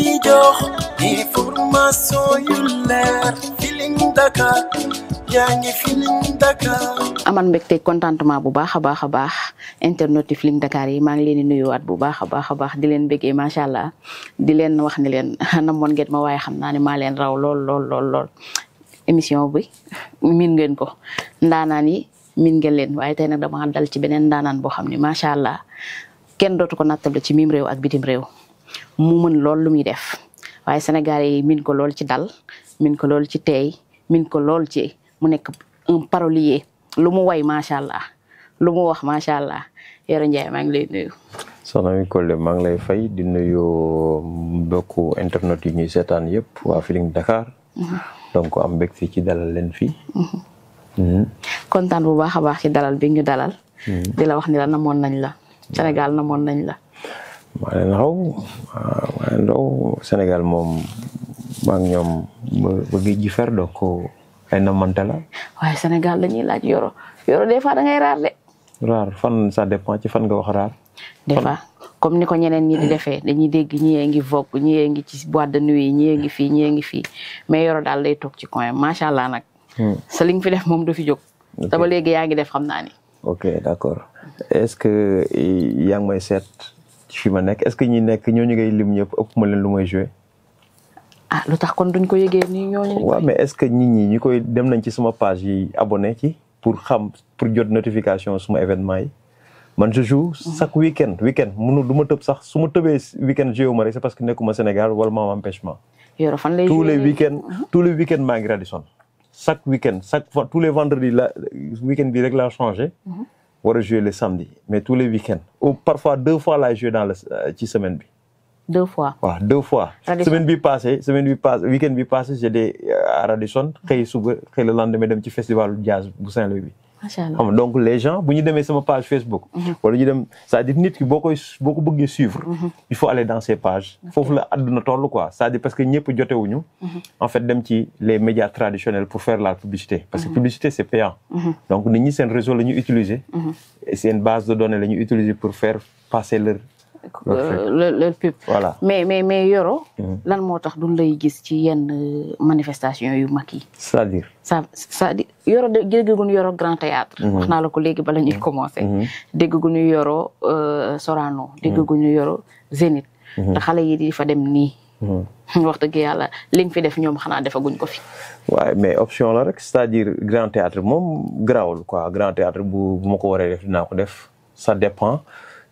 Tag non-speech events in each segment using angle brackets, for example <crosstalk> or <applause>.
lay jox information contentement bu baax a baax a baax internet yi Feeling Dakar yi maa ngi leen di nuyuwaat bu baax a baax a baax di leen bëggee macha allah di leen wax ni leen <laughs> moon ngeen ma waaye xam naa ne maa leen raw lool lool émission bi miin ngeen ko ndaanaan yi miin ngeen leen waaye tey nag dama dal ci beneen ndaanaan boo xam ne macha allah kenn dootu ko nattable ci mim réew ak bitim réew. mu mën lool lu muy def waaye sénégalais yi min ko lool ci dal min ko lool ci teey min ko lool ci mu nekk un parolier lu mu way macha allah lu mu wax macha allah Yoro Ndiaye maa ngi lay nuyu. soxna mi Collé maa ngi lay fay di nuyu mbokku internet yi ñuy seetaan yëpp waa Feeling Dakar. Mm-hmm. donc am mbégte ci dalal leen fii. Mm-hmm. Mm-hmm. kontaan bu baax a baax ci dalal bi ñu dalal. di la wax ni la namoon nañ la Sénégal namoon nañ la. maa leen Sénégal moom maa ngi ñoom ba géej gi fer donc ay namante la. waaye Sénégal la ñuy laaj yoro yoro des fois da ngay raar de. raar fan ça dépend ci fan nga wax raar. des fois comme ni ko ñeneen ñi di defee dañuy dégg ñi ngi vogue ñi ngi ci boîte de nuit ñi ngi fii ñi ngi fii mais yoro daal lay toog ci coin macha allah nag. Hmm. sa li nga fi def moom du fi jóg. te ba léegi yaa ngi def xam naa ni. ok d'accord est-ce que eh, yaa may seet. ci fi ma nekk est-ce que ñi nekk ñooñu ngay lim ñëpp ëpp ma leen lu may joué. ah lu tax kon duñ ko yëgee nii ñooñu. waaw mais est-ce que nit ñi ñu koy dem nañ ci sama page yi abonné ci pour xam pour jot notification suma événement yi man je joue chaque mhm. week-end week-end munu du ma tëb sax su ma tëbee week-end ma rek c'est parce que nekkuma Sénégal wala ma am empêchement. yoro fan lay tous les week mhm. maa ngi Radisson chaque week-end chaque fois tous les vendredis la week bi rek la changé. Mhm. war a jouer le samedi mais tous les week-ends ou parfois deux fois laay jouer dans la euh, semaine bi. deux fois waaw deux fois. semaine bi passé semaine bi passé week-end bi passé j'étais euh, à Radisson xëy suba xëy le lendemain dem ci festival jazz bu Saint-Louis bi. macha allah donc les gens bu ñu demee sama page Facebook. Mhm. wala ñu dem cest dire nit ki boo koy bëggee suivre. Mhm. il faut aller dans ces pages. foofu la àdduna toll quoi dire parce que ñëpp jotewuñu mhm. en fait dem ci les médias traditionnels pour faire la publicité. parce que publicité c'est payant. donc nit ñi seen réseau la ñuy utiliser. seen base de données la ñuy utiliser pour faire passer leur Euh, le le voilà mais mais mais Yoro. Mm-hmm. lan moo tax duñ lay gis ci yenn euh, manifestation yu mag yi. c'est-à-dire. ça c'est-à-dire Yoro de dégguñu Yoro Grand Théâtre mm-hmm. wax naa la ko léegi bala ñu mm-hmm. commencé. dégguñu Yoro euh, Sorano. dégguñu Yoro Zénith. te xale yi di fa dem nii. <laughs> wax dëgg yàlla liñ fi def ñoom xanaa defaguñ ko fi. waaye mais option la rek c'est-à-dire grand théâtre moom garaawul quoi grand théâtre bu bu ma ko waree def dinaa ko def ça dépend.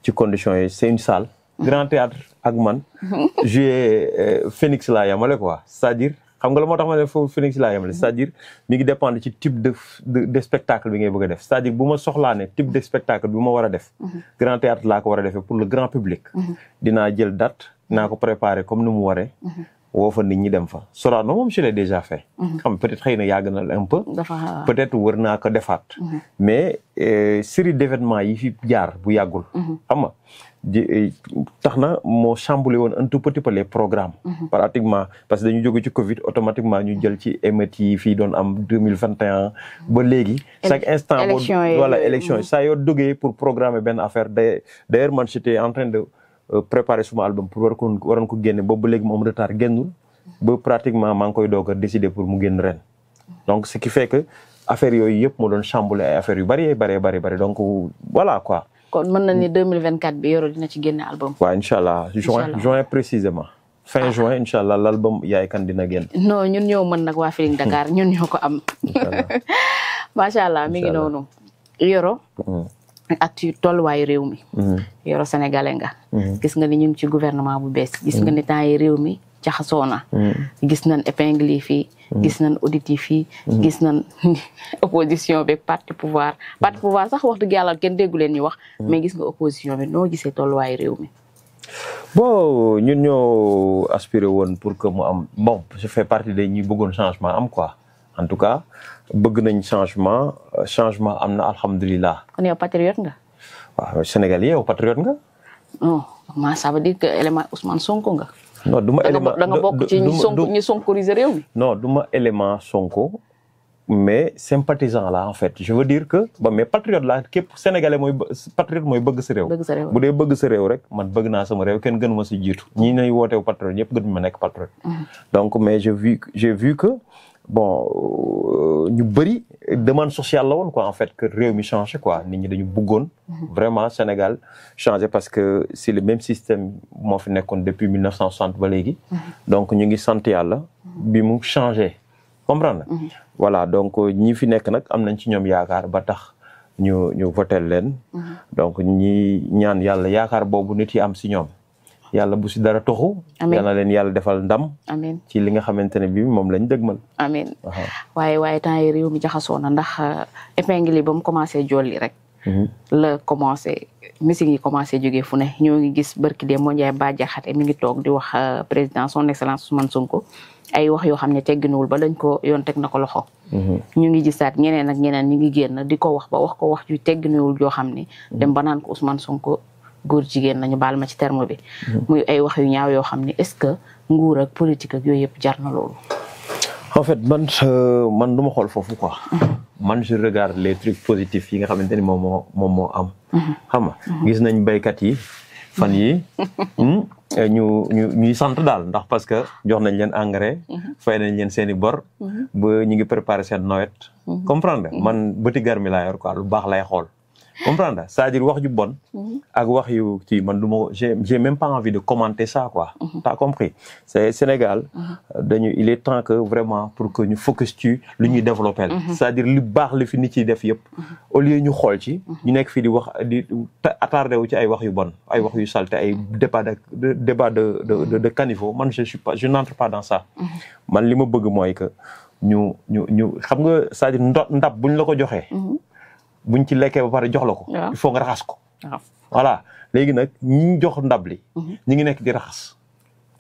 ci condition yi c'est une salle. grand théâtre ak man. <laughs> joué euh, Phoenix laa yamale quoi c'est-à-dire xam nga la moo tax ma ne foofu Phoenix laa yamale cest dire mi ngi dépendre ci type de de spectacle bi ngay bëgg def cest dire bu ma soxlaa ne type de spectacle bi ma war a def. Mhm. grand théâtre laa ko war a defee pour le grand public. Mhm. dinaa jël date naa ko préparer comme ni mu waree. Mhm. woo fa nit ñi dem fa Sorano moom je l'ai déjà fait. Mhm. xam peut-être na yàgg na un peu. peut-être naa ko defaat. Mhm. mais euh, série d'événements yi fi jaar bu yàggul. Mhm. xam nga euh, tax na moo chamboulé woon un tout petit peu les programmes. pratiquement parce que dañu jóge ci Covid automatiquement ñu jël ci émeutes yi fii doon am deux mille vingt et un ba chaque instant boo voilà yi saa yoo duggee pour programmer benn affaire d'ailleurs man j'étais en de. préparé suma album pour war ko waroon ko génne boobu léegi mu am retard génnul pratiquement maa ngi koy doog a décider pour mu génn ren donc ce qui fait que affaire yooyu yëpp moo doon chamboulé ay affaire yu bari bari bari bari donc voilà quoi. kon mën na ni 2024 bi Yoro dina ci génne album. waaw incha allah juin juin précisément. fin ah. juin incha allah l' album yaay kan dina génn. non ñun ñoo mën nag waa Feeling Dakar ñun ñoo ko am. macha <laughs> allah mi ngi noonu Yoro. Mm. nag ak tolluwaayu réew mi mhm. yoro sénégalais nga mhm. gis nga ni ñu ci gouvernement bu bees gis nga mhm. ni temps yi réew mi jaxasoo na gis nañ épingle fii gis nañ audit yi fii gis nañ <laughs> opposition bi parti pouvoir parti pouvoir sax wax dëgg yàlla kenn déggu leen ñu wax mais gis nga opposition bi noo gisee tolluwaayu réew mi bon ñun ñoo aspiré woon pour que mu am bon je fais partie de ñi bëggoon changement am quoi en tout cas bëgg nañ changement euh, changement am na alhamdulilah. kon a patriote nga. waaw Sénégal yow patriote nga. non man nga. non du ma élément da nga bokk ci ñi Sonko ñi sonkoriser réew mi. non mais sympathisant la en fait je veux dire que ba mais patriote la képp sénégalais mooy patriote mooy bëgg sa réew. bu dee bëgg sa réew rek man bëgg naa sama réew kenn gënu ma si jiitu ñi nay woote patriote ñëpp gën ma nekk patriote. Mm-hmm. donc mais je vu que. bon euh, ñu bëri demande sociale la woon quoi en fait que réew mi changé quoi nit ñi dañu bëggoon. Mhm. vraiment Sénégal changé parce que c'est le même système moo fi nekkoon depuis 1960 ba léegi. Mhm. donc ñu ngi santé yàlla. Mhm. bi mu changé comprendre voilà donc ñi fi nekk nag am nañ ci ñoom yaakaar ba tax ñu ñu votel leen. donc ñi ñaan yàlla yaakaar boobu nit yi am si ñoom. yàlla bu si dara toxu. amiin yal na leen yàlla defal ndam. amiin ci li nga xamante ne bi moom lañ dëgmal. amiin waaye waaye temps yi réew mi jaxasoo na ndax euh, épingle yi ba mu commencé jolli rek. Mhm. la commencé missing yi commencé jógee fu ne ñoo ngi gis barki de moo Ndiaye Ba Jaxate mi ngi toog di wax euh, président son excellence Ousmane Sonko ay wax yoo xam ne teg wul ba dañ ko yoon teg na ko loxo. Mhm. ñu ngi gisaat ñeneen ak ñeneen ñu ngi génn di ko wax ba wax ko wax ju tegginuwul joo xam ne. Mhm. dem ba ko Ousmane Sonko. góor jigéen nañu baal ma ci terme bi. Mm-hmm. muy ay wax yu ñaaw yoo xam ne est-ce que nguur ak politique ak yooyu yëpp jar na loolu. en fait man euh, man du ma xool foofu quoi. Mm-hmm. man je regarde le trucs positifs yi nga xamante ni moom moo moom moo am. Mm-hmm. xam nga gis nañ béykat yi fan yi hmm, eh, ñu ñu ñuy sant daal ndax parce que jox nañ leen engrais. fay nañ leen seen i bor. ba ñu ngi préparer seen nawet. comprendre man bëti garmi laa yor quoi lu baax lay xool. comprendre nga c'est-à-dire wax yu bon. Mhm. ak wax yu kii man du ma j'ai j'ai même pas envie de commenter ça quoi. Mhm. t'as compris c'est Sénégal. Mhm. dañu il est temps que vraiment pour que ñu focus ci lu ñuy développer. c'est-à-dire lu baax li fi nit yi def yëpp. au lieu ñu xool ci. ñu nekk fii di wax di attardé wu ci ay wax yu bon ay wax yu salte ay débat de débat de de de caniveau man je suis pas je n'entre pas dans ça. man li ma bëgg mooy que ñu ñu ñu xam nga c'est-à-dire ndab buñ la ko joxee. buñ ci lekkee ba pare jox la ko. il faut nga raxas ko. voilà léegi nag ñi jox ndab li. Mhm. ñu ngi nekk di raxas.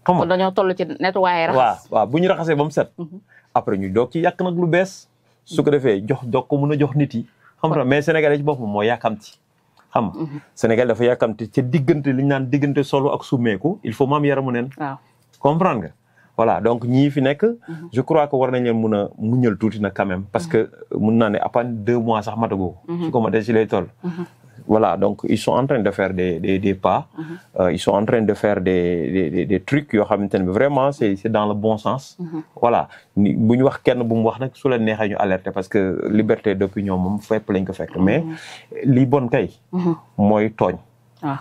xam nga toll ci nettoyer raxas. waaw waaw bu ñu raxasee ba mu set. Mhm. après ñu doog ci yàq nag lu bees. su ko defee jox jox ko mun a jox nit yi. xam nga mais sénégalais ci boppam moo yàkkamti. xam nga mhm. Sénégal dafa yàkkamti diggante li ñu naan diggante solo ak summeeku il faut maam yaramu neen. waaw comprendre nga. voilà donc ñii fi nekk. Mhm. je crois que war nañ leen mun a muñal tuuti na quand parce mhm. que mun naa ne à deux mois sax matagoo. Mhm. su ko matee si lay toll. voilà donc ils sont en train de faire des des pas. Euh, ils sont en train de faire des des des trucs yoo xamante ne vraiment c'est c'est dans le bon sens. voilà ni ñu wax kenn bu mu wax nag su la neexee ñu alerte parce que liberté d'opinion moom fépp lañ ko fekk mais li bon kay. mooy tooñ. Ah.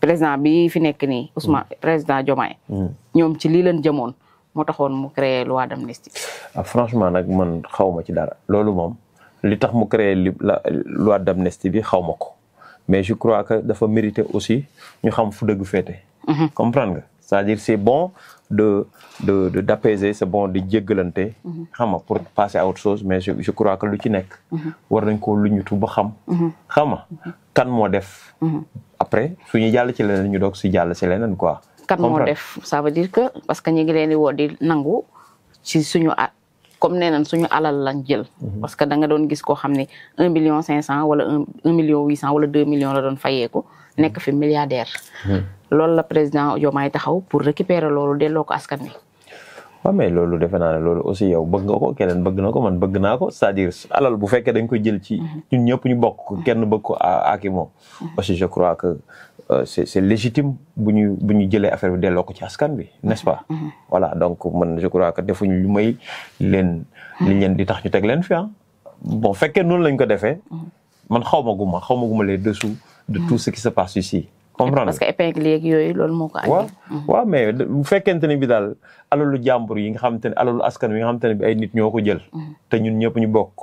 président bi fi nekk nii Ousmane mm. président Diomaye mm. ñoom ci lii leen jëmoon moo taxoon mu créer loi d'amnistie ah franchement nag man xawma ci dara loolu moom li tax mu créer li la loi d'amnistie bi xawma ko mais je crois que dafa mériter aussi ñu xam fu dëgg féete mm-hmm. comprendre nga c'est-à-dire c'est bon de de de d'apaiser c'est bon di jéggalante mm-hmm. xam nga pour passer à autre chose mais je je crois que lu ci nekk mm-hmm. war nañ koo luñutu ba xam xam nga kan moo def après su ñu jàll ci leneen ñu doog si jàll si leneen quoi. kan moo def ça veut dire que parce que ñu ngi leen woo di nangu si suñu comme nee nañ suñu alal lañ jël. Mhm. parce que da nga doon gis koo xam ne un million cinq cent wala un un million cent wala deux millions la doon fayeeku nekk fi milliardaire. Mhm. loolu la président Diomaye taxaw pour récupérer loolu delloo ko askan wi. waaw mais loolu defe naa loolu aussi bëgg nga ko keneen bëgg na ko man bëgg naa ko c'est-à-dire alal bu fekkee dañ koy jël ci mhm. ñëpp ñu bokk kenn bëgg ko ak ah, ah, mhm. euh, bi delloo ko ci bi n'est-ce pas mhm. voilà donc man je crois que defuñu lu di tax ñu teg leen fi ah bon fekkee noonu lañ ko defee man xaw ma guma xaw ma de tout ce qui se passe ici comprendre parce que épingle yeeg yooyu loolu moo ko andi mais bu fekkente bi daal alalu jàmbur yi nga xamante ne alalu askan wi nga xamante bi ay nit ñoo ko jël. Mm-hmm. te ñun ñëpp ñu bokk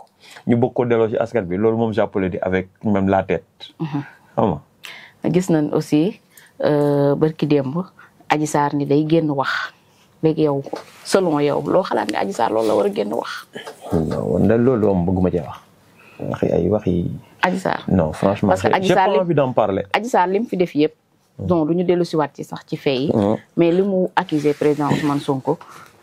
ñu bokk ko delloo askan bi loolu moom jàppale di avec même la tête. Mm-hmm. xam nga gis nañ aussi euh, barki démb Adji Sarr ni day génn wax léegi yow selon yow loo xalaat ne Adji loolu la war a génn wax. non non loolu moom bëgguma cee wax. ay wax yi. Adji Sarr non franchement. parce que Adji Sarr j'ai pas li mu fi def yëpp. donc du ñu dellu siwaat ci sax ci fee mm-hmm. mais li mu accusé président Ousmane Sonko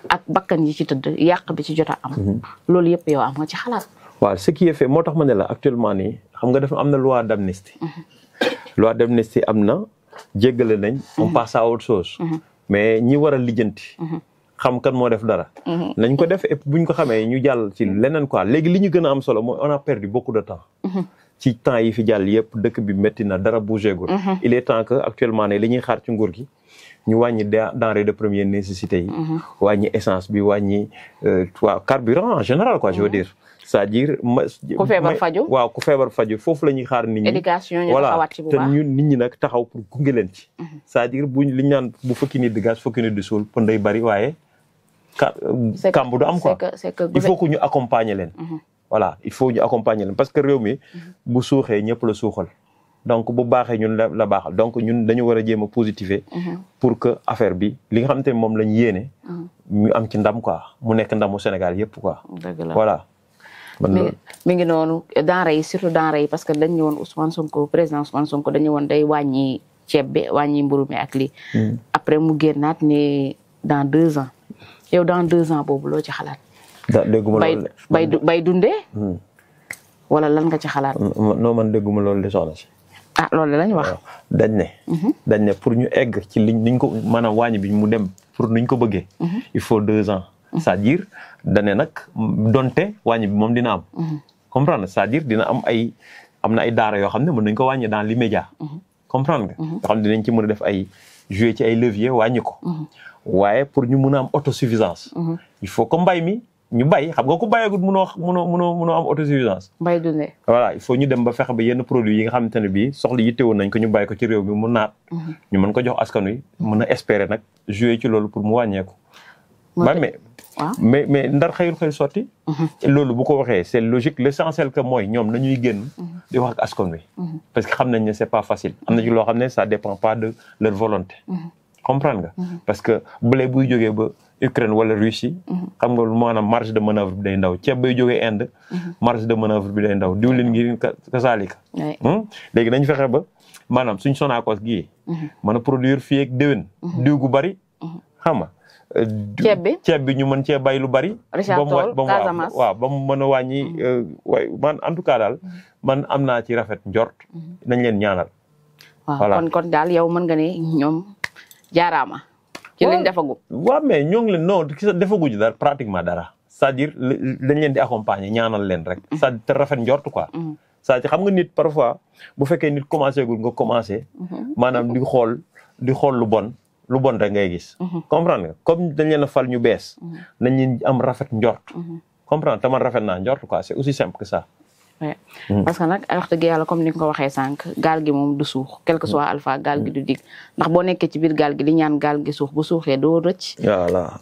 ak bakkan yi ci tëdd yàq bi ci jot a am mm-hmm. loolu yëpp yow am nga ci xalaat waaw ce qui est fait moo tax ma ne la actuellement nii xam nga dafa am na loi d'amnistie mm-hmm. loi d'amnistie am na jéggale nañ on passe à autre chose mais ñi war a lijjanti xam kan moo def dara nañ ko def et buñ ko xamee ñu jàll ci leneen quoi léegi li ñu gën am solo mooy on a perdu beaucoup de temps ci temps yi fi jàll yëpp dëkk bi métti na dara bougé gul mhm. il est temps que actuellement ne li xaar ci nguur gi ñu wàññi denrée de première nécessité yi mhm. wàññi essence bi wàññi euh, waaw carburant en général quoi je mhm. c'est-à-dire ma ku feebar faju ku feebar faju foofu la ñuy xaar ni ñi éducation ñu ñi nag taxaw pour gunge leen ci c'est-à-dire bu fukki nit di gaz fukki nit di suul pën day bari waaye euh, kàmb du am quoi il faut que ñu accompagner leen voilà il faut ñu accompagner leen parce que réew mi mhm. bu suuxee ñëpp la suuxal donc bu baaxee ñun la la baaxal donc ñun dañu war a jéem a positiver mhm. pour que affaire bi li nga xamante ne moom lañ yéene mhm. ñu am ci ndam quoi mu nekk ndamu Sénégal yëpp quoi voilà mi ngi noonu denrée yi surtout denrée yi parce que dañ woon Ousmane Sonko président Ousmane Sonko dañ ñëwoon day wàññi ceeb be wàññi mburu mi ak hmm. après mu génnaat ne dans deux ans yow dans deux ans boobu loo ci xalaat dégguma loolu bay bay dundee. Hmm. wala lan nga ci xalaat. noo man dégguma loolu de soxna si. a ah, loolu lañ wax. dañ ne. Mhm. dañ ne pour ñu egg ci liñ niñ ko maanaam wàññi bi mu dem pour nuñ ko bëggee. Mhm. il faut deux ans. Mhm. c'est-à-dire dañ ne nag donte wàññi bi moom dina am. comprendre cest à dina am ay am na ay daara yoo xam ne mën nañ ko wàññi dans l'immédiat. comprendre nga. yoo xam ne dinañ ci mën a def ay jouer ci ay levier wàññi ko. waaye pour ñu mën a am autosuffisance. il faut que mbay mi. ñu bay xam nga ku bayagut mënoo a mënoo mënoo am autosuffisance bay dundee voilà ñu dem ba fexe ba yenn produit yi nga xamante ne bii soxla yittewoon nañ ko ñu bàyyi ko ci réew mi mu naat mhm. ñu mën ko jox askan wi a espérer nag jouer ci mhm. loolu bu ko waxee c'est logique l'essentiel que mooy ñoom nañuy génn mhm. di wax ak askan wi parce que xam nañ ne c'est pas facile am na ci loo xam ne ça dépend pas de leur volonté comprendre nga. Mhm. parce que blé buy jógee ba Ukraine wala Russie. Mhm. xam nga maanaam marge de manœuvre bi day ndaw ceeb bay jógee Inde. Mhm. marge de manœuvre bi day ndaw diwlin ngi kasaalika. Hmm? léegi nañ fexe ba maanaam suñ Sonacos gii. gi a produire fii ak déwén. diw gu bari. xam nga. Euh, ceeb bi ceeb bi ñu mën cee bay lu bari. ba mu waaw ba mu mën a wàññi. Euh, way man en tout cas daal man am naa ci rafet njort. nañ leen ñaanal. voilà kon kon daal yow mën nga ne ñoom. jaaraama. ci liñ defagu. waaw mais ñoo ngi leen non defaguñu dara pratiquement dara c'est-à-dire dañ leen di accompagner ñaanal leen rek. cest mm-hmm. te rafet njort quoi. Mm-hmm. cest xam nga nit parfois bu fekkee nit commencé gul nga commencé. Mm-hmm. maanam di xool di xool lu bon. lu bon rek nga gis. comprendre nga comme dañ leen a fal ñu bees. nañ leen am rafet njort. comprendre te rafet naa njort quoi c'est aussi simple que ça. Hmm. parce que nag wax dëgg yàlla comme ni nga ko waxee sànq gaal gi moom du suux quel que soit alpha gaal gi du dig ndax boo nekkee ci biir gaal gi di ñaan gaal gi suux bu suuxee doo rëcc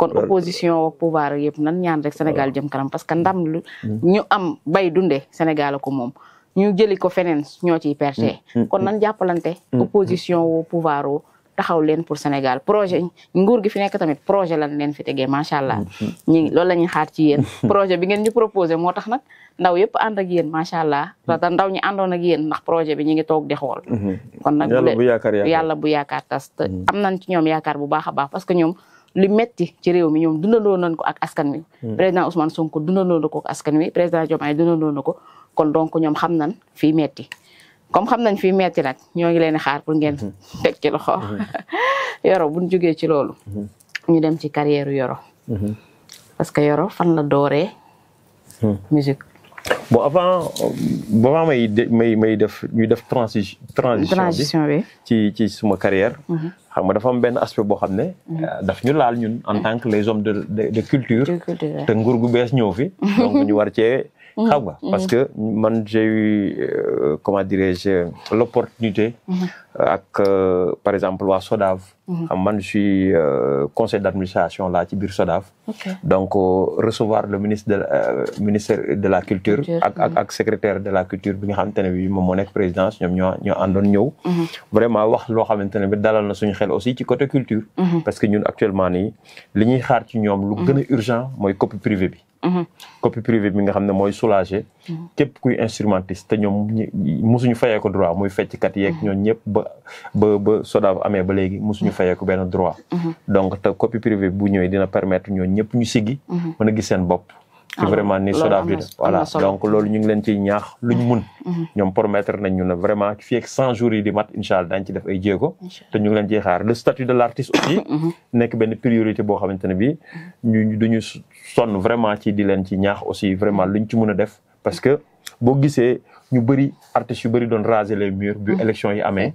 kon opposition ak pouvoir yëpp nan ñaan rek Sénégal jëm kanam parce que ndam lu hmm. ñu am bay dunde Sénégal ko moom ñu jëli ko feneen ñoo ciy perte hmm. kon nan jàppalante opposition woo pouvoir woo taxaw leen pour Sénégal projet nguur gi fi nekk tamit projet lan leen fi tegee macha allah. ñi loolu la ñuy xaar ci yéen. <laughs> projet bi ngeen ñu proposé moo tax nag ndaw yëpp ànd ak yéen macha allah mm-hmm. ndaw ñi àndoon ak yéen ndax projet bi ñu ngi toog di xool. Mm-hmm. kon nag yàlla bu yaakaar yàlla bu yaakaar tas mm-hmm. am nañ ci ñoom yaakaar bu baax a baax parce que ñoom. li metti ci réew mi ñoom dundaloo nañ ko ak askan wi. président Ousmane Sonko dundaloo na ko ak askan wi président Diomaye dundaloo na ko kon donc ñoom xam nan fii metti comme xam nañ fi metti nag ñoo ngi leen xaar pour ngeen mhm. teg ci loxo <laughs> <laughs> yoro buñ jógee ci loolu mhm. ñu dem ci carrière yoro mhm. parce que yoro fan la dooree musique bon avant avant may may may def ñuy def transi transition bi ci ci suma carrière xam nga dafa benn aspect boo xam ne euh, daf ñu laal ñun en tant les hommes de de culture te nguur gu bees ñëw fi <laughs> donc ñu war cee Mmh. xam nga parce mmh. que man j'ai eu euh, comment dirais-je l'opportunité mmh. ak euh, par exemple waa SODAV xam ah, man je suis euh, conseil d'administration là ci biir SODAV okay. donc euh, recevoir le ministre de la euh, culture ak ak secrétaire de la culture bi nga xamante ne bi moom moo nekk présidence ñoom ñoo ñoo àndoon vraiment wax loo xamante ne bi dalal na suñu xel aussi ci côté culture parce que ñun actuellement nii li xaar ci ñoom lu gën a urgent mooy copie privée bi Mhm. copie privée bi nga xam ne mooy soulager. Mhm. képp kuy instrumentiste te ñoom mosuñu fayee ko droit muy fecckat yeeg mhm. ñoom ñëpp ba ba ba SODAV amee ba léegi mosuñu fayee benn droit. donc te copie privée bu ñëwee dina permettre ñoom ñëpp ñu siggi. mën a gis seen bopp. ci ah, vraiment ni SODAV di def voilà donc loolu ñu ngi leen ciy ñaax luñ mun. ñoom promettre nañ ñu ne vraiment fii ak cent jours yi di dañ ci def ay jéego. te ñu ngi leen ciy le statut de l' artiste aussi. nekk benn priorité boo xamante ne bii ñu duñu sonn vraiment ci di leen ci ñaax aussi vraiment luñ ci mën a def parce que boo gisee ñu bëri artistes yu bëri doon raser les murs bu mm-hmm. élection yi amee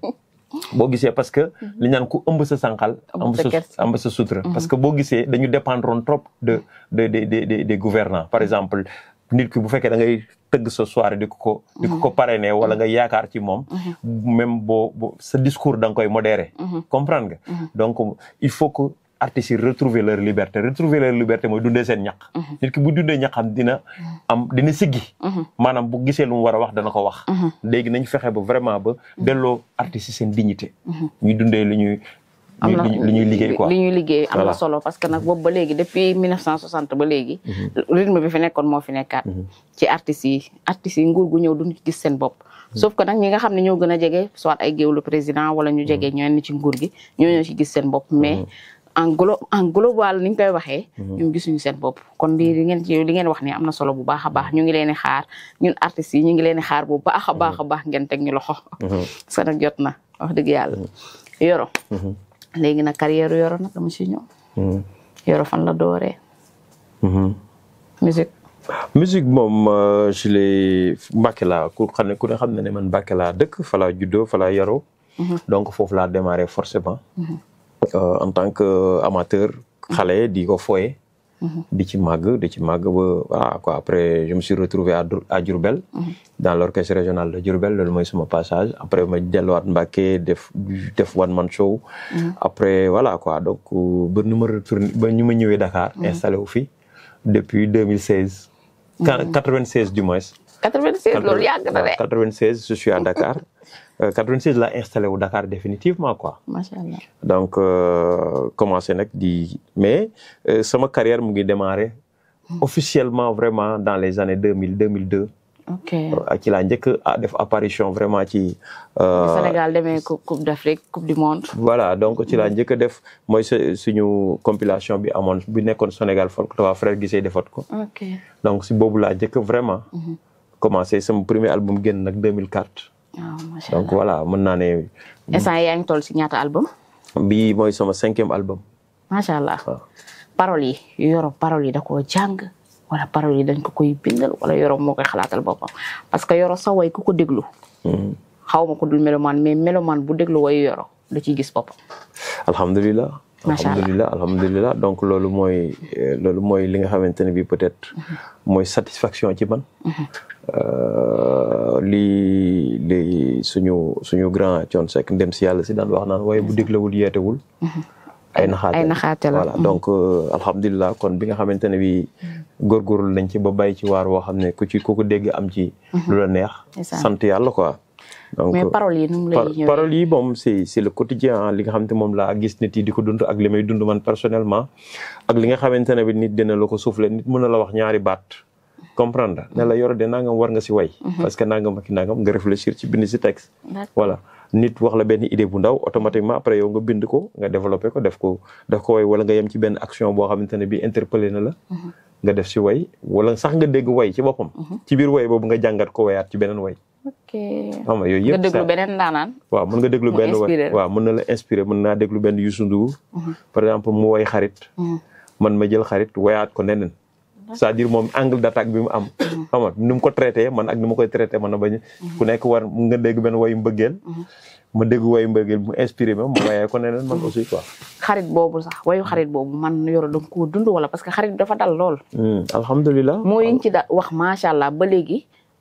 boo gisee parce que mm-hmm. li ñaan ku ëmb sa sànqal ëmb sa ëmb sa mm-hmm. parce que boo gisee dañu dépendron trop de de de de par exemple nit ki bu fekkee da ngay tëgg sa soirée di ko ko di ko ko parrainer wala nga yaakaar ci moom même boo sa discours da nga koy modérer comprendre nga donc il faut que artistes yi retrouver leur liberté retrouver leur liberté mooy dundee seen ñaq mhm. nit ki bu dundee ñaqam dina mhm. am dina siggi mhm. maanaam boo gisee lu mu war a wax dana ko wax léegi nañ fexe ba vraiment ba delloo artistes yi seen dignité ñuy dundee lu ñuy am na li ñuy liggéey quoi li ñuy liggéey am na solo parce que nag boobu ba léegi depuis 1960 ba léegi. rythme bi fi nekkoon moo fi nekkaat. ci artistes yi artistes yi nguur gu ñëw duñ ci gis seen bopp. sauf que nag ñi nga xam ne ñoo gën a jege soit ay géewlu président wala ñu jege ñoo ni ci nguur gi ñoo ñoo gis seen bopp mais. en glo en global ni ñu koy waxee. ñoom mhm. gisuñu seen bopp. kon lii li ngeen ci li ngeen wax ni am na solo bu baax a baax mhm. ñu ngi leen di xaar ñun artistes yi ñu ngi leen di xaar bu baax a baax a mhm. baax ngeen teg ñu loxo. parce que nag jot na wax dëgg yàlla. Yoro. léegi nag carrière Yoro na dama si ñëw. Yoro fan la dooree. musique. musique moom euh, je l'ai Mbàkke laa ku xam ne ku ne xam ne ne man Mbàkke dëkk fa laa juddoo fa donc foofu laa démarré forcément. Euh, en tant que amateur xale di ko foye di ci màgg di ci màgg ba voilà quoi après je me suis retrouvé à à Diourbel dans l'orchestre régional de Diourbel loolu mooy sama passage après ma delluwaat Mbacké def def one man show après voilà quoi donc euh, ba nu ma retourné ba ñu ma ñëwee Dakar installé wu fi depuis 2016 96 du moins 96 loolu yàgg na de 96 je suis à Dakar <laughs> 86 euh, la installé wu Dakar définitivement quoi. macha allah donc euh, commencé nag di mais euh, sama carrière mu ngi démarré. Hmm. officiellement vraiment dans les années 2000 2002. ok ci laa njëkk def apparition vraiment ci. Sénégal demee coupe d'Afrique coupe du monde. voilà donc ci la hmm. njëkk def mooy suñu compilation bi amoon bi nekkoon Sénégal folk tawa frère Guissé defoot ko. ok donc si boobu laa njëkk vraiment. Hmm. commencé sama premier album génn nag 2004. Oh, donc voilà mën naa ne. instant yaa ngi toll si ñaata album. bii mooy sama cinquième album. macha allah parol yi yoro paroles yi da koo jàng wala paroles yi dañ ko koy bindal wala yoro moo koy xalaatal boppam parce que yoro sa way ku ko déglu. Mm-hmm. xaw ma ko dul melomaan mais melomaan bu déglu way yoro da ciy gis boppam. alhamdulilah. macha allah alhamdulilah alhamdulilah donc loolu mooy euh, loolu mooy li nga xamante ne bi peut-être mhm. mooy satisfaction ci man. Mhm. Euh, lii li suñu suñu grand Thione ndem si yàlla si daan wax naan waaye bu déglawul yeetewul. Mhm. ay naxaate ay naxaate la voilà donc euh, alhamdulilah kon bi nga xamante ne bi góorgóorlu nañ ci ba bàyyi ci waar woo xam ne ku ci ku ko am ci. lu la neex. sant yàlla quoi. donc mais euh, paroles yi nu lay paroles yi moom c'est c'est le quotidien li nga xamante moom laa gis nit yi di ko dund ak li may dund man personnellement ak li nga xamante ne bi nit dina la ko souffler nit mën a la wax ñaari baat comprendre ne la yoro de nangam war nga si way mhm. parce que nangam a ak nangam nga réfléchir ci bind si texte wala nit wax la benn idée bu ndaw automatiquement après yow nga bind ko nga développé ko def ko def ko way wala nga yem ci benn action boo xamante ne bi interpellé na la mhm. nga def si wala sax nga dégg way ci boppam mhm. ci biir way boobu nga jàngat ko wayaat ci beneen way ok xam nga déglu beneen ndaanaan. waaw mën nga déglu benn waaw mën na la inspiré mën naa déglu benn Youssou Ndour. Mhm. par exemple mu woy xarit. Mhm. man ma jël xarit woyaat ko neneen. Mhm. c'est-à-dire moom angle d'attaque bi mu am. xam nga ni mu ko traité man ak ni ma koy traité man a bañ ku nekk war mun nga dégg benn woyu mbëggeel. ma dégg woyu mbëggeel mu inspiré ma ma woyee ko neneen man aussi quoi. xarit boobu sax wayu xarit boobu man yoro da nga koo dund wala parce que xarit dafa dal lool. Hmm, alhamdulilah. moo yiñ ci da wax macha allah ba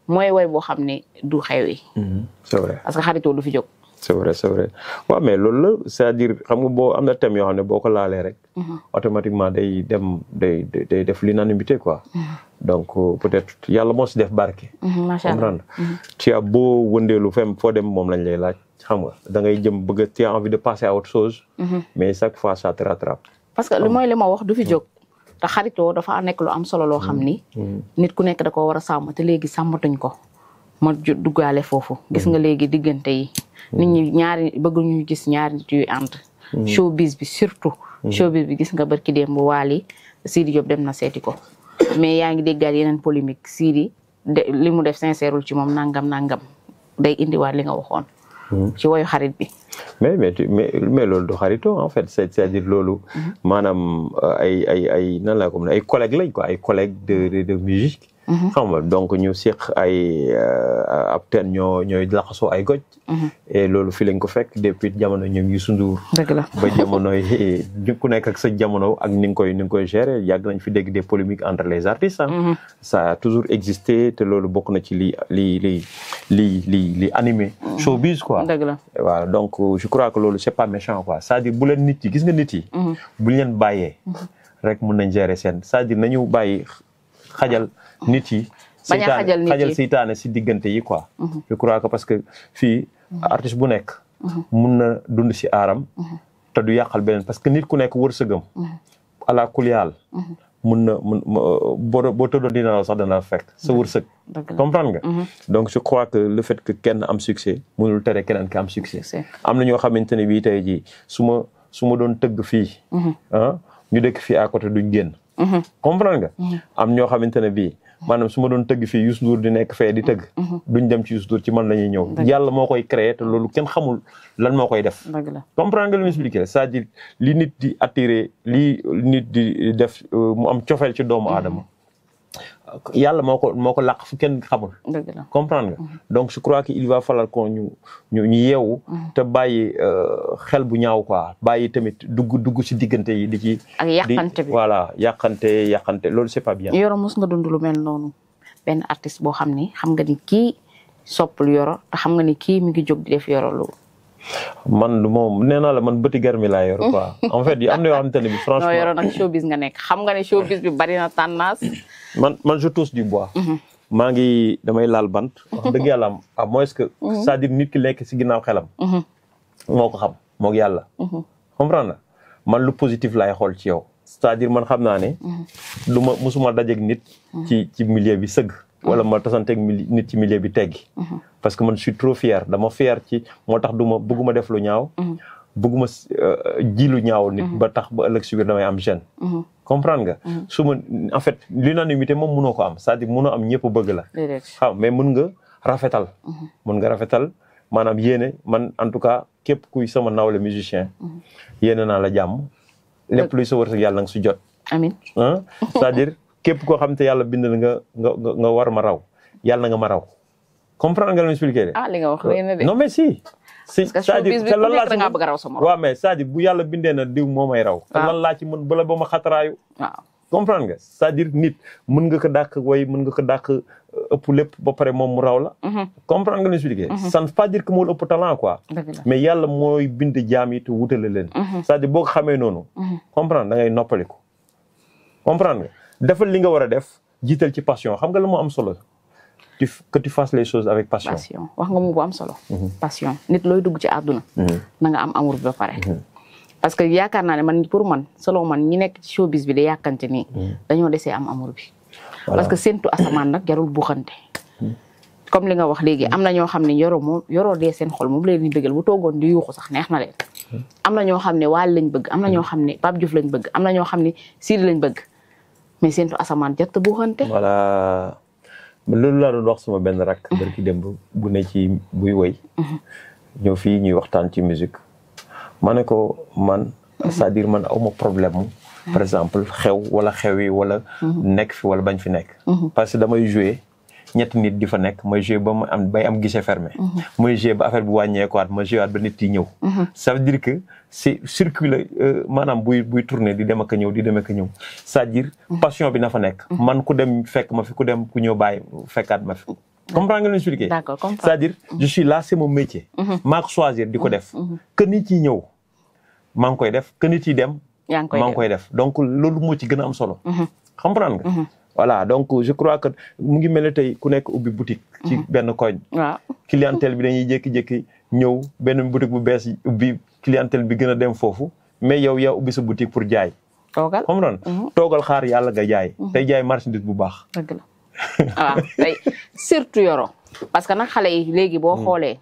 mooy way boo xam ne du xewee. Mhm, c'est vrai parce que xaritoo du fi jóg. c'est vrai c'est vrai waaw mais loolu la c'est-à-dire xam nga boo am na thème yoo xam ne boo ko laalee rek. Mhm. automatiquement day dem day day def l'unanimité quoi. Mhm. donc euh, peut-être yàlla moo si def barke. macha allah a tu as boo wëndeelu fem foo dem moom lañ lay laaj xam nga da jëm bëgg tu as envie de passer à autre chose. mais chaque fois ça parce que lu mooy ma wax du fi jóg. te xarito dafa nekk lu am solo loo xam ni. Mm. Mm. nit ku nekk da ko war a sàmm te léegi sàmmatuñ ko. ma duggaale foofu gis nga mm. léegi diggante yi. nit ñi ñaari bëgg ñu gis ñaari nit yuy ànd. showbiz bi surtout. showbiz bi gis nga barki démb Waly Sidi Diop dem na seeti ko. mais yaa ngi déggaat yeneen polémique Sidi de li mu def sincèrewul ci moom nangam nangam day indiwaat li nga waxoon. ci woyu xarit bi. mais mais mais loolu du xaritoo en fait c'est-à-dire mhm. maanaam euh, ay ay ay nan laa ko ay collègues lañ ko ay collègues de musique. Mm-hmm. xam nga donc ñu seq ay euh, ab teen ñoo ñooy laxasoo ay goj. Mm-hmm. et loolu fi lañ ko fekk depuis jamono ñoom Youssou Ndour. dëgg la ba jamono yi ku nekk ak sa jamono ak ni nga koy ni nga koy gérer yàgg nañ fi dégg des polémiques entre les artistes ah. a toujours existé te loolu bokk na ci li li li li li li animé. showbiz quoi. dëgg la voilà donc je crois que loolu c'est pas méchant quoi saa dire bu leen nit yi gis nga nit yi. bu leen bàyyee. rek mun nañ gérer seen c'est-à-dire nañu bàyyi xajal nit yi. bañ a xajal nit si diggante yi quoi. Mhm. je crois que parce que fii mhm. artiste bu nekk. Mhm. mun na dund si aaram. te du yàqal beneen parce que nit ku nekk wërsëgam. ala kuliyal. mun na mun boo boo tëddoon dina la sax dana la fekk sa wërsëg. comprendre nga. donc je crois que le fait que kenn am succès. mënul tere keneen ki am succès. am na ñoo xamante ne bii tey jii su ma su ma doon tëgg fii. ah ñu dëkk fii à côté duñ génn. Mm-hmm. comprendre nga. Mm-hmm. am ñoo xamante ne bii. maanaam su ma doon tëgg fii Youssou Ndour di nekk fee di tëgg. Mm-hmm. duñ dem ci Youssou Ndour ci man la ñuy ñëw. yàlla moo koy créé te loolu kenn xamul lan moo koy def. comprendre nga lu mu expliqué cest à li nit di attiré li nit di def euh, mu am cofeel ci doomu aadama. yàlla moo ko moo ko làq fu kenn xamul. comprendre mm-hmm. donc je crois que il va falloir qu'on ñu ñu ñu yeewu. Mm-hmm. te bàyyi euh, xel bu ñaaw quoi bàyyi tamit dugg dugg si diggante yi di ci. ak yàqante bi voilà yàqante yàqante loolu c'est pas bien. Yoro mos nga dund lu mel noonu benn boo xam ni xam nga ni kii soppul Yoro te xam nga ni kii mi ngi jóg di def Yoro loolu. man lu moom nee naa la man bëti garmi laa yor quoi <laughs> en fait yi am yoo ne bi franchement noo yoroon ak showbiz nga nekk xam nga ne showbiz bi bari na tendance <clears throat> man man je touche du bois mhm. maa ngi damay laal bant wax dëgg <laughs> yàlla am à moins que mhm. cest à nit ki lekk si ginnaaw xelam mhm. moo ko xam moog yàlla comprendre na man lu positif laay xool ci yow cest à man xam naa ne du ma musuma dajeeg nit ci ci bi sëgg wala ma mil nit ci milieu bi teggi mhm. parce que man je suis trop fier dama fier ci moo tax du ma bëgguma def lu ñaaw mhm. bëgguma euh, ji lu ñaaw nit mhm. ba tax ba ëllëg si biir damay am gêne comprendre nga su ma en fait l'unanimité moom munoo ko am c'est-à-dire mënoo am ñëpp bëgg la xam mais mën nga rafetal mën nga rafetal maanaam yéene man en tout cas képp kuy sama nawle musicien yéene naa la jàmm lépp luy sa wërsëg yàlla nga si jot amiin képp koo xam te yàlla bind la nga nga nga war ma raw yàlla na nga ma raw comprendre nga li ma expliqué de. ah li nga wax de. non mais si. parce que da a raw dire na diw moo may raw. te ah. lan laa ah. ko dàq way mën ko dàq euh, mu raw la. Mm-hmm. comprendre nga li ma expliqué. Mm-hmm. ça ne veut pas dire que moo ëpp talent quoi. mais yàlla mooy bind jaam yi wutale leen. Mm-hmm. cest dire boo ko xamee noonu. comprendre da noppaliku comprendre nga defal li nga war a def jiital ci passion xam nga la moo am solo tu que tu fasses les passion. wax nga mu bu am solo. Mhm. passion nit looy dugg ci àdduna. Mhm. na nga am amour bi ba pare. Mhm. parce que yaakaar naa ne man pour man solo man ñi nekk ci showbiz bi da yàkkante nii. dañoo desee am amour bi. parce que séntu asamaan nag jarul buuxante. comme li nga wax léegi am na ñoo xam ne yoroo moom yoroo dee seen xol moom leen di bëggal bu toogoon di yuuxu sax neex na leen. am na ñoo xam ne Wally lañ bëgg am na ñoo xam ne Pape Diouf lañ bëgg am na ñoo xam ne Sidy lañ bëgg. mais seentu asamaan jot te bu xante voilà loolu laa doon wax sama benn rakk mhm. barki démb bu ne ci buy woy mhm. ñëw fii ñuy waxtaan ci musique ma ne ko man mhm. c'est-à-dire man awma problème par exemple xew wala xew yi wala nekk fi wala bañ fi nekk parce damay jouer ñetti nit di fa nekk ma joué ba ma am bay am guichet fermé. ma mhm. joué ba bu bi wàññeekuwaat ma joué waat ba nit ñëw. Mhm. ça veut que c'est circuit la euh, maanaam buy buy tourner di dem ak ñëw di dem ak ñëw cest dire mhm. passion bi na fa nekk. man ku dem fekk ma fi ku dem ku ñëw bàyyi fekkaat ma fi. comprends nga lu ñu expliqué. d'accord comprends c'est-à-dire je suis di ko def. que nit yi maa ngi koy def que nit yi dem. maa ngi koy def donc loolu moo ci gën a am solo. comprendre nga. voilà donc je crois que mu ngi mel ne tey ku nekk ubbi boutique. ci mhm. benn koñ. waaw bi dañuy jékki-jékki ñëw benn boutique bu bees ubbi clientèle bi gën a dem foofu mais yow yaa ubbi sa boutique pour jaay. toogal xam nga mhm. toogal xaar yàlla nga jaay. Mhm. tey jaay marchandise bu baax. dëgg <laughs> surtout yoro parce que nag xale yi léegi boo xoolee.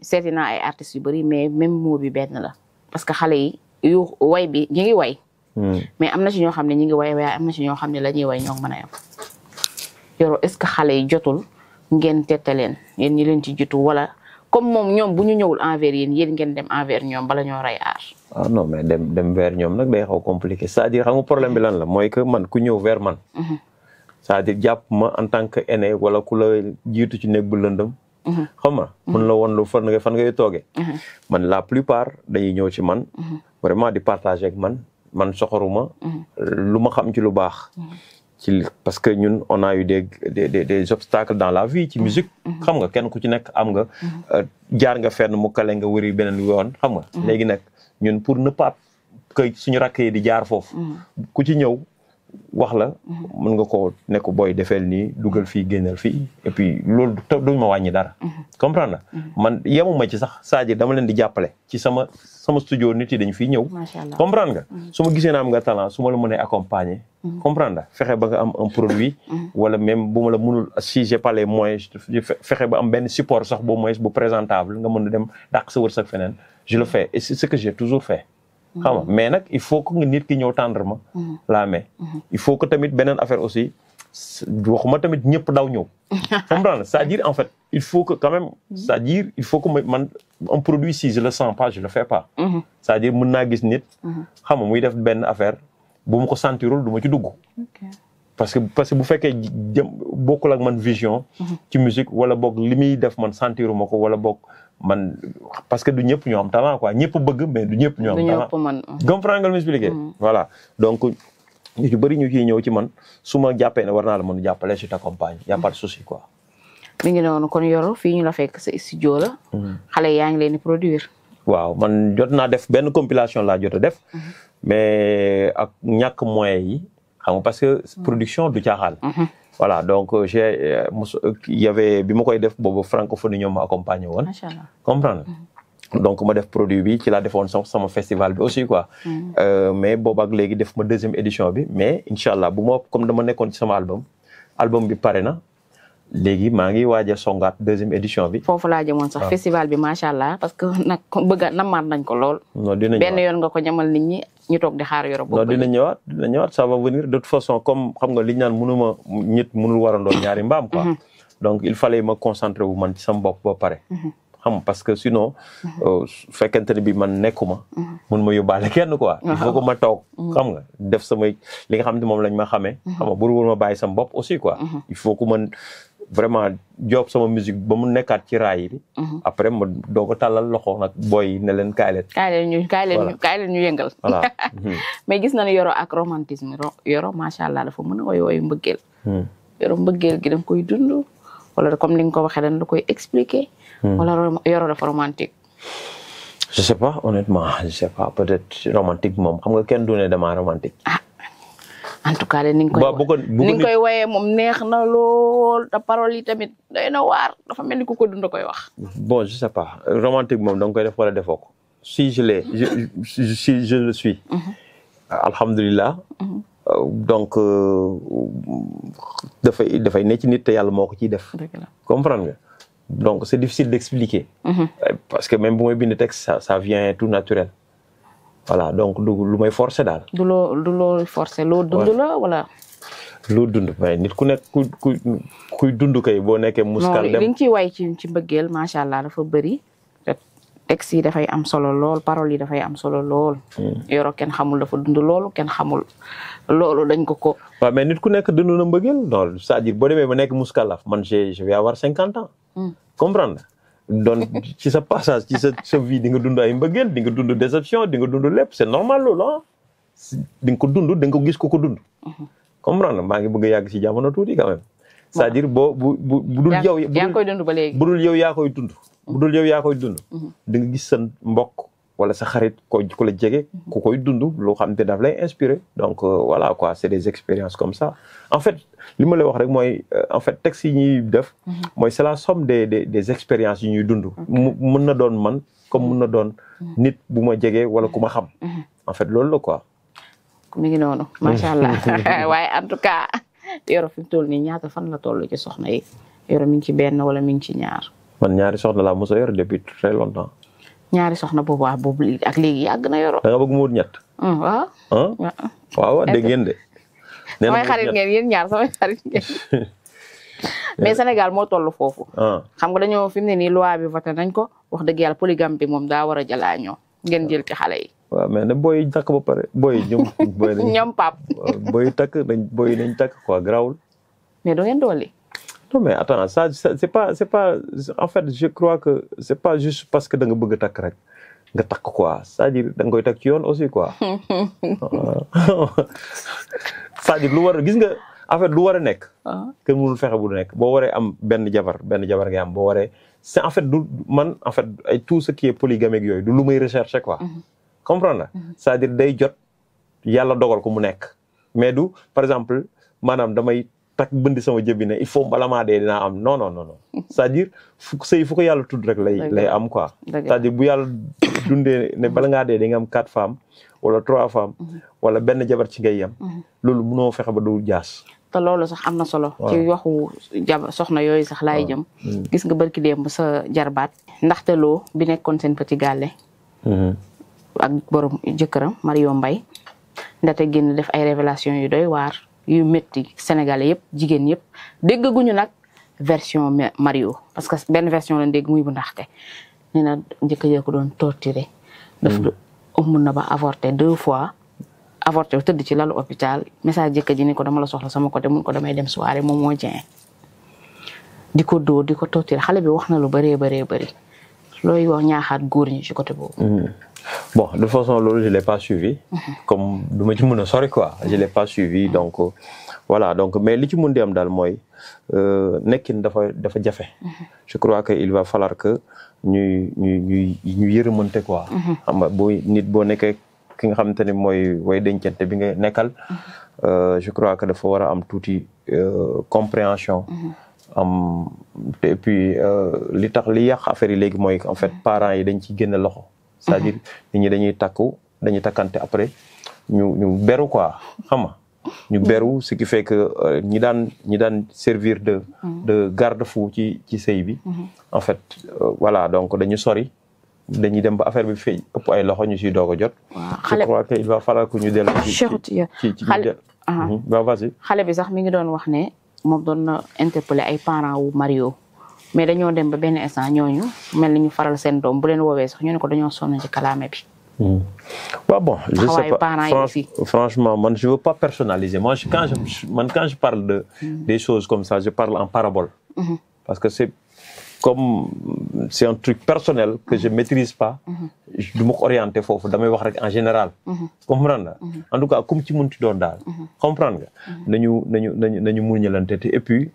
seeti naa ay artistes yu bëri mais même mot bi benn la parce que xale yi way bi ñu ngi way. Hmm. mais am na ci ñoo xam ne ñu way waaye am na a yem yoro est ce que xale yi jotul ngeen tette leen yéen ñi leen ci jitu wala comme moom ñoom bu ñu ñëwul envers yéen yéen ngeen dem envers ñoom bala ñoo rey aar. ah mais dem dem ñoom nag day xaw bi lan la mooy mm-hmm. ma en tant que aîné wala ku la jiitu ci néeg bu lëndëm. Mm-hmm. xam nga mm-hmm. mun la woon lu fan nga fan ngay toogee. man la plupart dañuy ñëw ci man. vraiment di partager man. man soxoruma mhm. lu ma xam ci lu baax mhm. ci parce que ñun on a eu des des des obstacles dans la vie ci mhm. musique xam nga kenn ku ci nekk am nga euh, jaar nga fenn mu kale nga wëri beneen yoon xam nga léegi nag ñun pour ne pas suñu rakk yi di jaar foofu ku ci ñëw wax la mhm. mën nga ko ne booy defeel nii dugal fii génnal fii et puis loolu duñ ma wàññi dara mhm. comprendre na mhm. man yemuma ci sax cest à dama leen di jàppale ci sama sama studio nit yi dañ fii ñëw comprendre nga su ma gisee na am nga talent su ma la mënee accompagner comprendre nga fexe ba nga am un produit wala même bu ma la mënul si j'ai pas fexe ba am benn support sax bo moyens bu présentable nga mën a dem dàq sa wërsëg feneen je le fais et ce que j'ai toujours fait xam mm-hmm. nga mais nag il faut que nit ki ñëw tendrement mm-hmm. la mais mm-hmm. il faut que tamit beneen affaire aussi waxuma tamit ñëpp daw ñëw <laughs> comprendre c'est-à-dire en fait il faut que quand même c'est-à-dire il faut que man produit si je le sens je le fais pas c'est-à-dire naa gis nit xam nga muy def benn affaire bu ma ko sentirul du ma ci dugg parce que parce que bu fekkee jëm bokkul man vision ci musique wala boog li muy def man sentiruma ko wala boog man parce que du ñëpp ñoo am talent quoi ñëpp bëgg mais du ñëpp ñoo am talent man comprendre nga lu ma donc ñu ci ñëw ci man su ma jàppee ne war naa la mën a jàppale je t'accompagne y a pas de souci quoi mi ngi noonu kon yoru fii ñu la fekk sa studio la mm. xale yaa ngi leen di produire waaw man jot naa def benn compilation la jot a def mm-hmm. mais ak ñàkk yi xam nga parce que production du caaxaan mm-hmm. voilà donc euh, j'ai euh, mos euh, y avait bi mu koy def boobu francophonie ñoom ma accompagné woon. macha allah comprendre mm-hmm. donc ma def produit bi ci laa defoon sax sama festival bi aussi quoi. Mm-hmm. mais boobu ak léegi def ma deuxième édition bi mais incha allah bu ma comme dama nekkoon ci sama album. album bi pare na. léegi maa ngi waaj a songaat deuxième édition bi. foofu laa jëmoon sax ah. festival bi macha allah parce que <laughs> nag bëgg a namaat nañ ko lool. benn yoon nga ko ñamal nit ñi. ñu toog di xaar Europe. non dina ñëwaat dina ñëwaat ça a venir de toute façon comme xam nga li naan mënuma ñit mënul warandoon ñaari mbaam quoi. Mhm. donc il fallait ma concentrer wu man ci sama bopp ba pare. Mhm. xam parce que sinon. Mhm. Euh, fekkente ne bi man nekkuma. mun ma yóbbaale kenn quoi. il faut que ma ah. toog. xam nga def samay li nga xam ne moom lañ ma xamee. xam nga bu ma bàyyi sama bopp aussi quoi. il faut que vraiment job sama musique ba mu nekkaat ci raay bi. Mhm. après ma doog a tàllal loxo nag booy ne leen kaay leen. kaay leen ñu kaay leen ñu kaay <laughs> mhm. mais gis na ne Yoro ak romantisme Yoro macha allah dafa mën a woy woy mbëggeel. Hmm. Yoro mbëggeel gi da koy dund wala comme ni nga ko waxee dañ la koy expliquer. Hmm. wala Yoro dafa romantique. je sais pas honnêtement je sais pas peut-être romantique moom xam nga kenn du ne romantique. Ah, en tout cas de ni nga koy ni nga koy woyee moom neex na lool te parole yi tamit day na waar dafa mel ni ku ko dund koy wax. bon je sais pas romantique moom da nga koy def wala defoo ko si je l'ai je je si je le suis. Mm-hmm. alhamdulilah. Mm-hmm. donc euh, dafay dafay te yàlla moo ko ciy def. comprendre nga donc c'est difficile d'expliquer. Mm-hmm. parce que même bu may bind texte ça ça vient tout naturel. voilà donc du lu may forcer daal. du lool du loo forcer loo dund la wala. loo dund mais nit ku nekk ku ku kuy dund kay boo nekkee. muskal dem non li nga ciy way ci ci mbëggeel macha allah dafa bëri. texte yi dafay am solo lool paroles yi dafay am solo lool. Hmm. yoro kenn xamul dafa dund loolu kenn xamul loolu dañ ko ko. waaw mais nit ku nekk dund na mbëggeel non cest à bo boo demee ba nekk muskalaf man je je vais avoir hmm. comprendre doon ci sa passage ci sa sa vie di nga dund ay mbëggeel di nga dund déception di nga dund lépp c'est normal loolu ah di nga ko dund da nga ko gis ko ko dund mhm. comprendre maa ngi bëgg a yàgg si jamono tuuti quand même c'est-à-dire boo bu bu bu dul yow yaa koy dund ba léegi bu dul yow yaa koy dund bu dul yow yaa koy dund mhm. di nga gis sa mbokk wala sa xarit ko ku la jege mhm. ku koy dund loo xam te daf lay inspiré donc euh, voilà quoi c'est des expériences comme ça en fait li ma lay wax rek mooy euh, en fait texte yi ñuy def mhm. mooy c'est som somme des des des expériences yi ñuy dund mu mën na doon man comme mun mhm. na doon nit bu ma jege wala ku ma xam en fait loolu la quoi mi ngi noonu macha allah <laughs> <laughs> waaye en tout cas Yoro fi mu toll nii ñaata fan la toll ci soxna yi Yoro mi ci ci benn wala mi ngi ci ñaar man ñaari soxna la mos a yor depuis très ñaari soxna boobu waa boobu a léegi yàgg na yoroo. da nga bëgg mu wut ñett. waaw. waaw waaw de. nee samay xarit ngeen yéen ñaar samay xarit ngeen. <laughs> mais senegal moo toll foofu. Ah. xam nga dañoo fi mu ne nii loi bi voté nañ ko wax dëgg yàlla polygame bi moom daa war a jalaañoo ngeen jël ci xale yi. waaw ne booy yi takk pare booy yi ñoom. <laughs> ñoom pap <laughs> booy takk nañ booy nañ takk quoi garaawul. mais ngeen doole. non mais attends ça c'est pas c'est pas en je crois que c'est pas juste parce que da nga bëgg a rek nga takk quoi cest à da nga koy takk ci yoon aussi quoi <laughs> c'est-à-dire lu war a gis nga en fait lu war a nekk ah. kenn mënul fexe bu nekk boo waree am benn jabar benn jabar ngay am boo waree c'est en du man en fait ay tout ce qui est polygamique yooyu du lu may rechercher quoi mhm. comprendre na mhm. cest dire day jot yàlla dogal ko mu nekk mais du par exemple maanaam damay tak bënd sama jëbi ne il faut bala maa dee am non non non non fu sëy fu ko yàlla tudd rek lay lay am quoi c'est-à-dire bu yàlla dundee ne bala ngaa dee di nga am wala trois femmes mhm. wala benn jabar ci ngay yem mhm. loolu munoo fexe ba du jaas ta loolu sax am na solo ci waxu jaba soxna yooyu sax laay jëm mm. gis nga barki démb sa jarbaat ndaxte lo bi nekkoon seen petit gàlle mhm. ak borom jëkkëram Mario Mbaye ndate génn def ay révélation yu doy waar yu métti Sénégalais yëpp jigéen yëpp déggaguñu nag version Mario parce que benn version lañ dégg muy bu ndaxte nee na njëkk ko doon torturé. daf mun mm. na ba avorté deux fois. avorté tëdd ci lalu hôpital message jëkkër ji ni ko dama la soxla sama côté mun ko damay dem soirée moom moo jeex di ko dóor di ko torturé xale bi wax na lu bëree bëree bëri. looy wax ñaaxaat góor ñi ci côté boobu. Hmm. bon de toute façon loolu je l'ai pas suivi. Mhm. comme ma ci mun a sori quoi je l'ai pas suivi donc euh, voilà donc mais li ci mun de am daal mooy euh, nekkin dafa dafa jafe. Mhm. je crois que il va falloir que ñuy ñuy ñuy ñu yërëmante quoi. Mhm. xam nga boo nit boo nekkee ki nga xamante ne mooy way dencante bi nga nekkal. Euh, je crois que dafa war a am tuuti compréhension. am te et puis li tax li yàq affaire yi léegi mooy en fait yi dañ ci génn loxo c'est-à-dire nit ñi dañuy takku dañuy takkante après ñu ñu beru quoi xam nga ñu beru ce qui fait ñi daan ñi daan servir de de garde-fou ci ci sëy bi en fait voilà donc dañu sori dañuy dem ba bi fay ëpp ay loxo ñu siy doog a jot je crois que il va falloir que ñu dellu ci ci ci xale bi sax mi ngi doon wax ne moom doon na interpellé ay parents wu Mario mais ñoo dem ba benn instant ñooñu mel ni ñu faral seen doom bu leen woowee sax ñu ko dañoo sonn ci kalaame bi. Hmm. waaw bon je sais pas franchement man je veux pas personnaliser moi quand je man parle de. Hmm. des choses comme ça je parle en parabole. Hmm. parce que c'est comme c'est un truc personnel que je maîtrise pas du ma ko orienté foofu damay wax rek en général comprendre nga en tout cas comme ci munti doon daal comprendre nga nañu nañu nañu nañu muñalante te et puis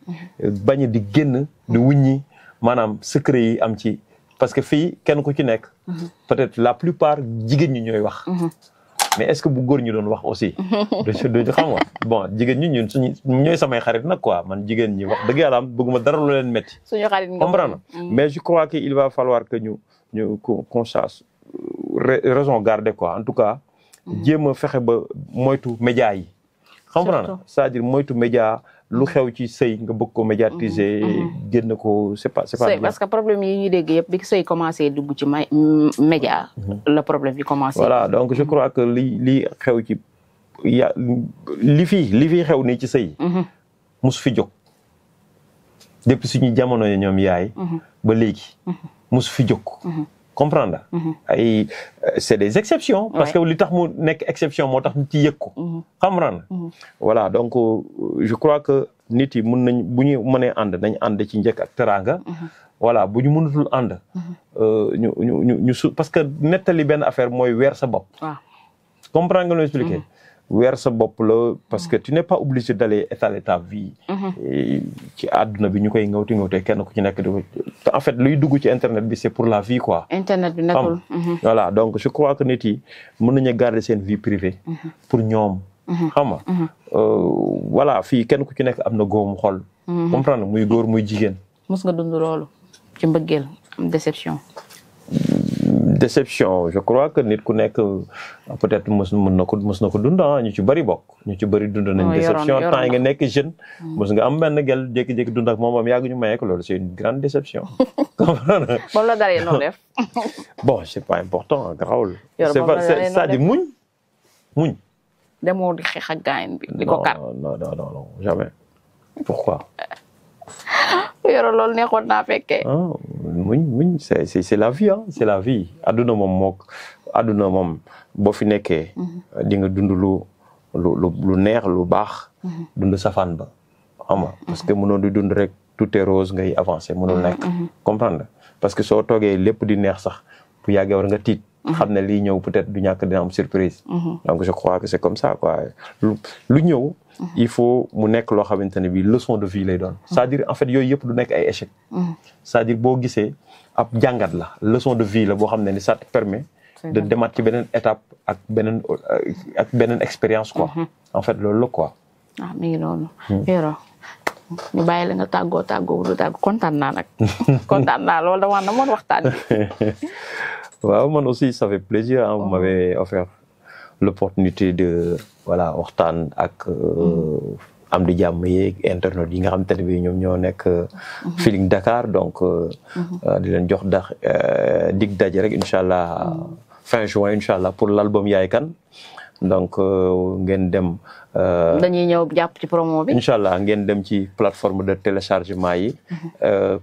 bañ di génn di wuññi maanaam secret yi am ci parce que fii kenn ku ci nekk peut-être la plupart jigéen ñi ñooy wax mais est-ce que bu góor ñi doon wax aussi. <laughs> du xam nga bon jigéen ñi ñu suñu ñooy samay xarit nag quoi man jigéen ñi wax dëgg yàlla am bëgguma dara lu leen métti. suñu xarit nga comprendre mm. mais je crois que il va falloir que ñu ñu qu'on sache euh, raison garder quoi en tout cas. Mm. jéem a fexe ba moytu média yi. surtout comprendre c'est-à-dire moytu média. lu xew ci sëy nga bëgg ko médiatiser. Mhm, mhm. génn ko c'est pas c'est parce que problème yi ñuy dégg yëpp bi sëy commencé dugg ci média mhm. la problème yi commencé. voilà donc je crois que li li xew ci ya li fi li fi xew ni ci sëy mus fi jóg depuis suñu jamono ñoom yaay. ba léegi mus fi jóg. comprendre la mhm. ay euh, c'est des exceptions parce que li tax mu nekk exception moo tax nit yi yëg ko mhm. comprendre mhm. voilà donc euh, je crois que nit yi mën nañ bu ñu mënee ànd nañ ànd ci njëkk ak teraanga voilà bu ñu mënatul ànd euh, ñu ñu ñu ñu su parce que nettali benn affaire mooy weer sa comprendre lu expliqué weer sa bopp la parce que mm-hmm. tu n'es pas obligé d'aller étaler ta vie mm-hmm. ci àdduna bi ñu koy ngawti ngawte kenn ku ci nekk di ko en fait luy dugg ci internet bi c'est pour la vie quoi internet bi nekkul mm-hmm. voilà donc je crois que nit yi mën nañu garder seen vie privée pour ñoom xam nga euh, voilà kenn ku ci nekk am na góomu xol comprendre muy góor muy jigéen mos nga dund loolu ci mbëggeel déception déception je crois que nit ku nekk peut-être mos mën na ko mos na ko dund ah, ñu ci bëri bokk ñu ci bëri dund nañ oh, déception temps yi nga nekk jeune mm. mos nga am benn gel jékki-jékki dund ak moom am yàgg ñu mayee loolu c'est une grande déception <laughs> <laughs> bon c'est pas important garaawul c'est c'est-à-dire muñ muñ demoo di xeex ak gaayen bi di ko kar non non non non jamais pourquoi <laughs> yoro loolu neexoon naa fekkee oh. muñ muñ c'est c'est la vie ah c'est la vie adduna moom mook adduna moom boo fi nekkee. Mhm. di nga dund lu lu lu neex lu baax. Mhm. dund safaan ba xam nga mhm. parce que mënoo di dund rek tout est rose ngay avancer mënul nekk. comprendre parce que soo toogee lépp di neex sax bu yàggee war nga tiit. xam ne li ñëw peut-être du ñàkk dina am surprise. donc je crois que c'est comme ça lu ñëw. il faut mu nekk loo xamante ne bii leçon de vie lay doon. c'est-à-dire en fait yooyu yëpp du nekk ay échec. cest dire boo gise ab jàngat la leçon de vie la boo xam ne ni ça te permet. de demaat ci beneen étape ak beneen ak beneen expérience quoi. Mhm. en fait loolu la quoi. Ah, mi ngi noonu. Hmm. ñu bàyyi la nga tàggoo tàggoo du tàggoo kontaan naa nag <laughs> kontaan naa loolu dama moon waxtaan <laughs> waaw man aussi ça fait plaisir hein, vous oh. m'avez offert l'opportunité de voilà waxtaan ak. Euh, mm. am di jàmm yeeg internet yi nga xamante ne bi ñoom ñoo nekk. Euh, mm-hmm. Feeling Dakar donc. Euh, mm-hmm. di leen jox dax dig daje rek incha allah mm. fin juin incha allah pour l'album yaay kan donc ngeen dem. dañuy ñëw jàpp ci promo incha allah ngeen dem ci plateforme de téléchargement yi. Mm-hmm.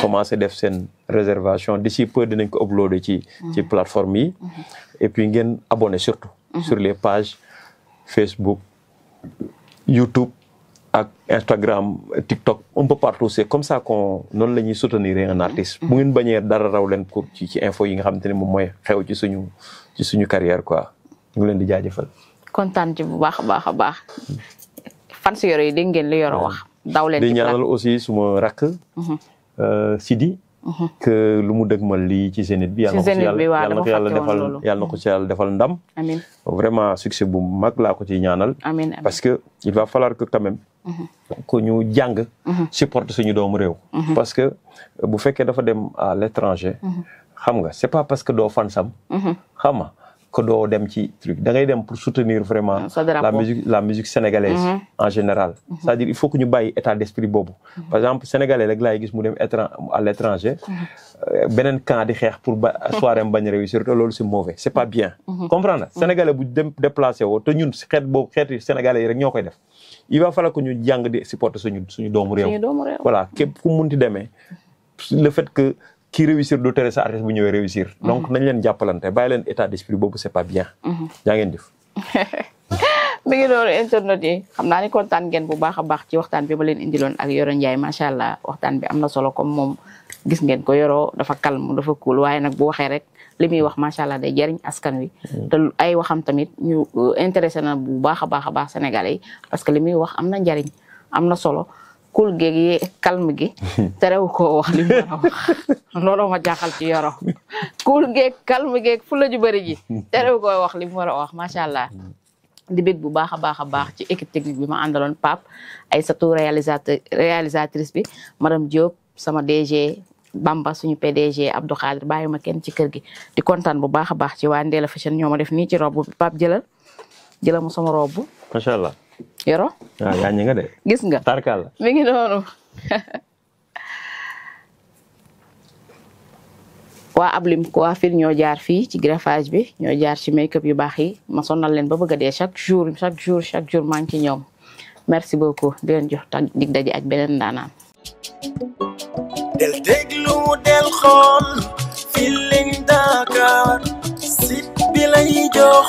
commencé def seen réservation d'ici peu dinañ ko uploader ci. plateforme yi. et puis ngeen abonné surtout. sur mhm. les pages Facebook YouTube ak Instagram TikTok un peu partout c'est comme ça qu'on noonu la ñuy soutenir un artiste mhm. bu ngeen bañee dara raw leen ko ci ci info yi nga xamante ne moom mooy xew ci suñu suñu carrière quoi ñu ngi leen di jaajëfal kontaan ci bu baax baax a baax mm. fan si yoro yi dégg ngeen li yoro wax daw leen di aussi suma rakk mhm. euh, Sidi Uh-huh. que lu mu dëgmal lii ci Zénith bi. ci Zénith bi waaw dama fàtte woon loolu yàlla na ko ci yàlla defal ndam. amiin vraiment succès bu mag laa ko ciy ñaanal. amiin parce que il va falloir que quand ku uh-huh. ñu jàng. Uh-huh. supporter suñu doomu réew. parce que bu fekkee dafa dem à l'étranger. xam nga c'est pas parce que doo fan sam. xam que doo dem ci truc dem pour soutenir vraiment ah, la musique sénégalaise mm-hmm. en général mm-hmm. c'est-à-dire il faut que ñu bàyyi état d'esprit boobu mm-hmm. par exemple sénégalais rek laay gis mu dem à l'étranger euh, beneen camp di xeex pour ba soirée bañ réussir te loolu c'est mauvais c'est pas bien comprendre sénégalais bu dem déplacé woo ñun xeet sénégalais rek ñoo koy def il va falloir que ñu jàng di supporter suñu suñu réew voilà ku munti demee le fait que ki réussir du tere sa artiste bu ñëwee réussir. Mm-hmm. donc nañ leen jàppalante bàyyi leen état d'esprit boobu c'est pas bien. yaa mm-hmm. ngeen def. <laughs> mi ngi internet yi xam naa ni ngeen bu baax a baax ci waxtaan bi ma leen indiloon ak Yoro Ndiaye macha allah waxtaan bi am na solo comme moom gis ngeen ko Yoro dafa calme dafa cool waaye nag boo waxee rek li muy wax macha allah day jëriñ askan wi. Mm-hmm. te ay waxam tamit ñu euh, intéressé na bu baax a baax a baax sénégal yi que li muy wax am na njëriñ am na solo. kul geeg yi calme gi <laughs> terew ko wax li mu wax looloo ma jaaxal ci yoro kul geeg calme geeg fu la ju bëri ji terew koo wax li mu war a wax macha allah di bu baax a baax a baax ci équipe technique bi ma àndaloon Pape Aïssatou réalisateur réalisatrice bi madame Diop sama DG Bamba suñu PDG Abdou Khadir bàyyi ma kenn ci kër gi di kontaan bu baax a baax ci waa Ndella Fashion ñoo ma def nii ci robb bi Pape jëlal jëlal ma sama robb yoro waaw ah, yaa nga de. gis nga tarkal mi ngi noonu. <laughs> waa ablim coiffure ñoo jaar fii ci greffage bi ñoo jaar ci make-up yu baax yi ma sonal leen ba bëgg a dee chaque jour chaque jour chaque jour maa ngi ci ñoom merci beaucoup di leen jox ta dig da ak beneen ndaanaan. del déglu del xool Feeling Dakar site bi jox.